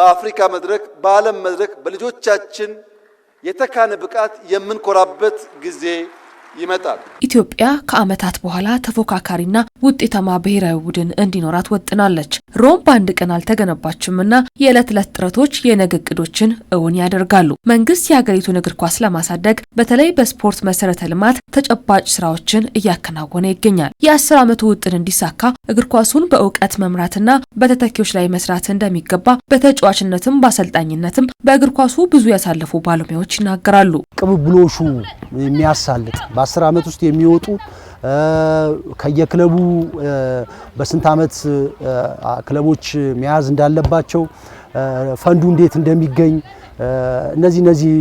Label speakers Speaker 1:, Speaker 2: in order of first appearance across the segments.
Speaker 1: በአፍሪካ መድረክ በዓለም መድረክ በልጆቻችን የተካነ ብቃት የምንኮራበት ጊዜ ይመጣል።
Speaker 2: ኢትዮጵያ ከዓመታት በኋላ ተፎካካሪና ውጤታማ ብሔራዊ ቡድን እንዲኖራት ወጥናለች። ሮም በአንድ ቀን አልተገነባችምና የዕለት ዕለት ጥረቶች የነገ እቅዶችን እውን ያደርጋሉ። መንግስት የአገሪቱን እግር ኳስ ለማሳደግ በተለይ በስፖርት መሰረተ ልማት ተጨባጭ ስራዎችን እያከናወነ ይገኛል። የአስር ዓመቱ ውጥን እንዲሳካ እግር ኳሱን በእውቀት መምራትና በተተኪዎች ላይ መስራት እንደሚገባ በተጫዋችነትም በአሰልጣኝነትም በእግር ኳሱ ብዙ ያሳለፉ ባለሙያዎች ይናገራሉ።
Speaker 3: ቅብብሎሹ የሚያሳልጥ በአስር ዓመት ውስጥ የሚወጡ ከየክለቡ በስንት ዓመት ክለቦች መያዝ እንዳለባቸው ፈንዱ እንዴት እንደሚገኝ እነዚህ እነዚህ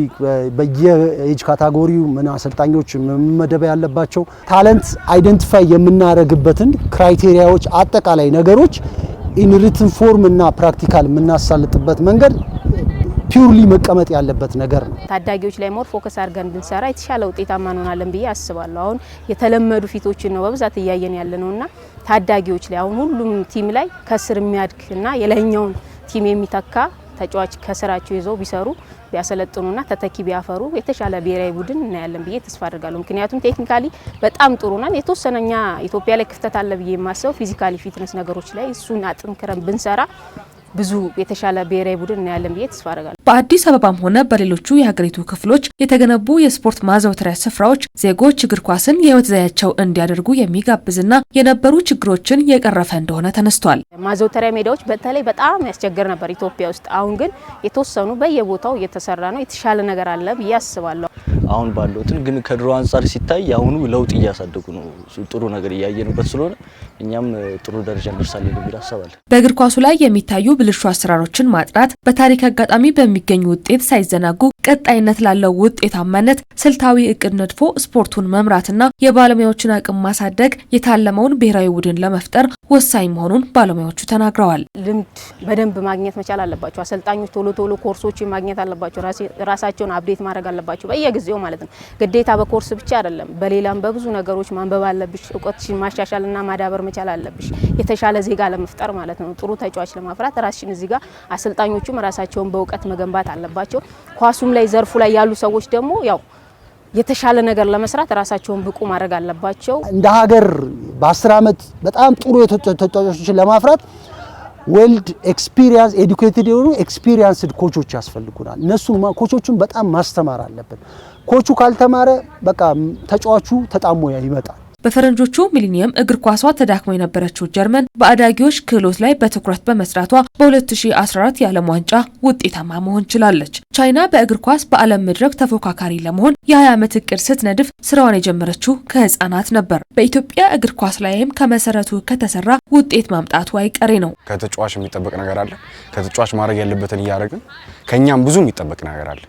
Speaker 3: በየኤጅ ካታጎሪው ምን አሰልጣኞች መመደብ ያለባቸው ታለንት አይደንቲፋይ የምናደርግበትን ክራይቴሪያዎች፣ አጠቃላይ ነገሮች ኢንሪትን ፎርም እና ፕራክቲካል የምናሳልጥበት መንገድ ፒውርሊ መቀመጥ ያለበት ነገር ነው።
Speaker 4: ታዳጊዎች ላይ ሞር ፎከስ አድርገን ብንሰራ የተሻለ ውጤታማ እንሆናለን ብዬ አስባለሁ። አሁን የተለመዱ ፊቶችን ነው በብዛት እያየን ያለ ነው እና ታዳጊዎች ላይ አሁን ሁሉም ቲም ላይ ከስር የሚያድግ እና የላይኛውን ቲም የሚተካ ተጫዋች ከስራቸው ይዘው ቢሰሩ ቢያሰለጥኑና ተተኪ ቢያፈሩ የተሻለ ብሔራዊ ቡድን እናያለን ብዬ ተስፋ አድርጋለሁ። ምክንያቱም ቴክኒካሊ በጣም ጥሩ ነን። የተወሰነኛ ኢትዮጵያ ላይ ክፍተት አለ ብዬ የማስበው ፊዚካሊ ፊትነስ ነገሮች ላይ እሱን አጥንክረን ብንሰራ ብዙ የተሻለ ብሔራዊ ቡድን እናያለን ብዬ ተስፋ አደርጋለሁ።
Speaker 2: በአዲስ አበባም ሆነ በሌሎቹ የሀገሪቱ ክፍሎች የተገነቡ የስፖርት ማዘውተሪያ ስፍራዎች ዜጎች እግር ኳስን የህይወት ዘያቸው እንዲያደርጉ የሚጋብዝና የነበሩ ችግሮችን የቀረፈ እንደሆነ ተነስቷል።
Speaker 4: ማዘውተሪያ ሜዳዎች በተለይ በጣም ያስቸግር ነበር ኢትዮጵያ ውስጥ። አሁን ግን የተወሰኑ በየቦታው እየተሰራ ነው። የተሻለ ነገር አለ ብዬ አስባለሁ።
Speaker 5: አሁን ባለው ግን ከድሮ አንጻር ሲታይ አሁኑ ለውጥ እያሳደጉ ነው። ጥሩ ነገር እያየንበት ስለሆነ እኛም ጥሩ ደረጃ እንደርሳለን የሚል አሰባል።
Speaker 2: በእግር ኳሱ ላይ የሚታዩ ብልሹ አሰራሮችን ማጥራት በታሪክ አጋጣሚ በሚገኙ ውጤት ሳይዘናጉ ቀጣይነት ላለው ውጤታማነት ስልታዊ እቅድ ነድፎ ስፖርቱን መምራትና የባለሙያዎችን አቅም ማሳደግ የታለመውን ብሔራዊ ቡድን ለመፍጠር ወሳኝ መሆኑን ባለሙያዎቹ ተናግረዋል።
Speaker 6: ልምድ በደንብ ማግኘት መቻል አለባቸው። አሰልጣኞች ቶሎ ቶሎ ኮርሶች ማግኘት አለባቸው። ራሳቸውን አብዴት ማድረግ አለባቸው በየጊዜው ማለት ነው። ግዴታ በኮርስ ብቻ አይደለም፣ በሌላም በብዙ ነገሮች ማንበብ አለብሽ። እውቀትሽን ማሻሻልና ማዳበር መቻል አለብሽ፣ የተሻለ ዜጋ ለመፍጠር ማለት ነው። ጥሩ ተጫዋች ለማፍራት ራስሽን እዚህ ጋር አሰልጣኞቹም ራሳቸውን በእውቀት መገንባት አለባቸው። ኳሱም ላይ ዘርፉ ላይ ያሉ ሰዎች ደግሞ ያው የተሻለ ነገር ለመስራት ራሳቸውን ብቁ ማድረግ አለባቸው።
Speaker 3: እንደ ሀገር በአስር ዓመት በጣም ጥሩ ተጫዋቾችን ለማፍራት ወልድ ኤክስፒሪየንስ ኤዱኬትድ የሆኑ ኤክስፒሪየንስድ ኮቾች ያስፈልጉናል። እነሱን ኮቾቹን በጣም ማስተማር አለብን። ኮቹ ካልተማረ በቃ ተጫዋቹ ተጣሞ ይመጣል። በፈረንጆቹ ሚሊኒየም እግር ኳሷ ተዳክሞ የነበረችው ጀርመን በአዳጊዎች ክህሎት ላይ በትኩረት በመስራቷ በ2014 የዓለም ዋንጫ ውጤታማ መሆን ችላለች። ቻይና በእግር ኳስ በዓለም መድረክ ተፎካካሪ ለመሆን የ20 ዓመት እቅድ ስትነድፍ ስራዋን የጀመረችው ከህፃናት ነበር። በኢትዮጵያ እግር ኳስ ላይም ከመሰረቱ ከተሰራ ውጤት ማምጣቱ አይቀሬ ነው። ከተጫዋች የሚጠበቅ ነገር አለ። ከተጫዋች ማድረግ ያለበትን እያደረግን ከእኛም ብዙ የሚጠበቅ ነገር አለ።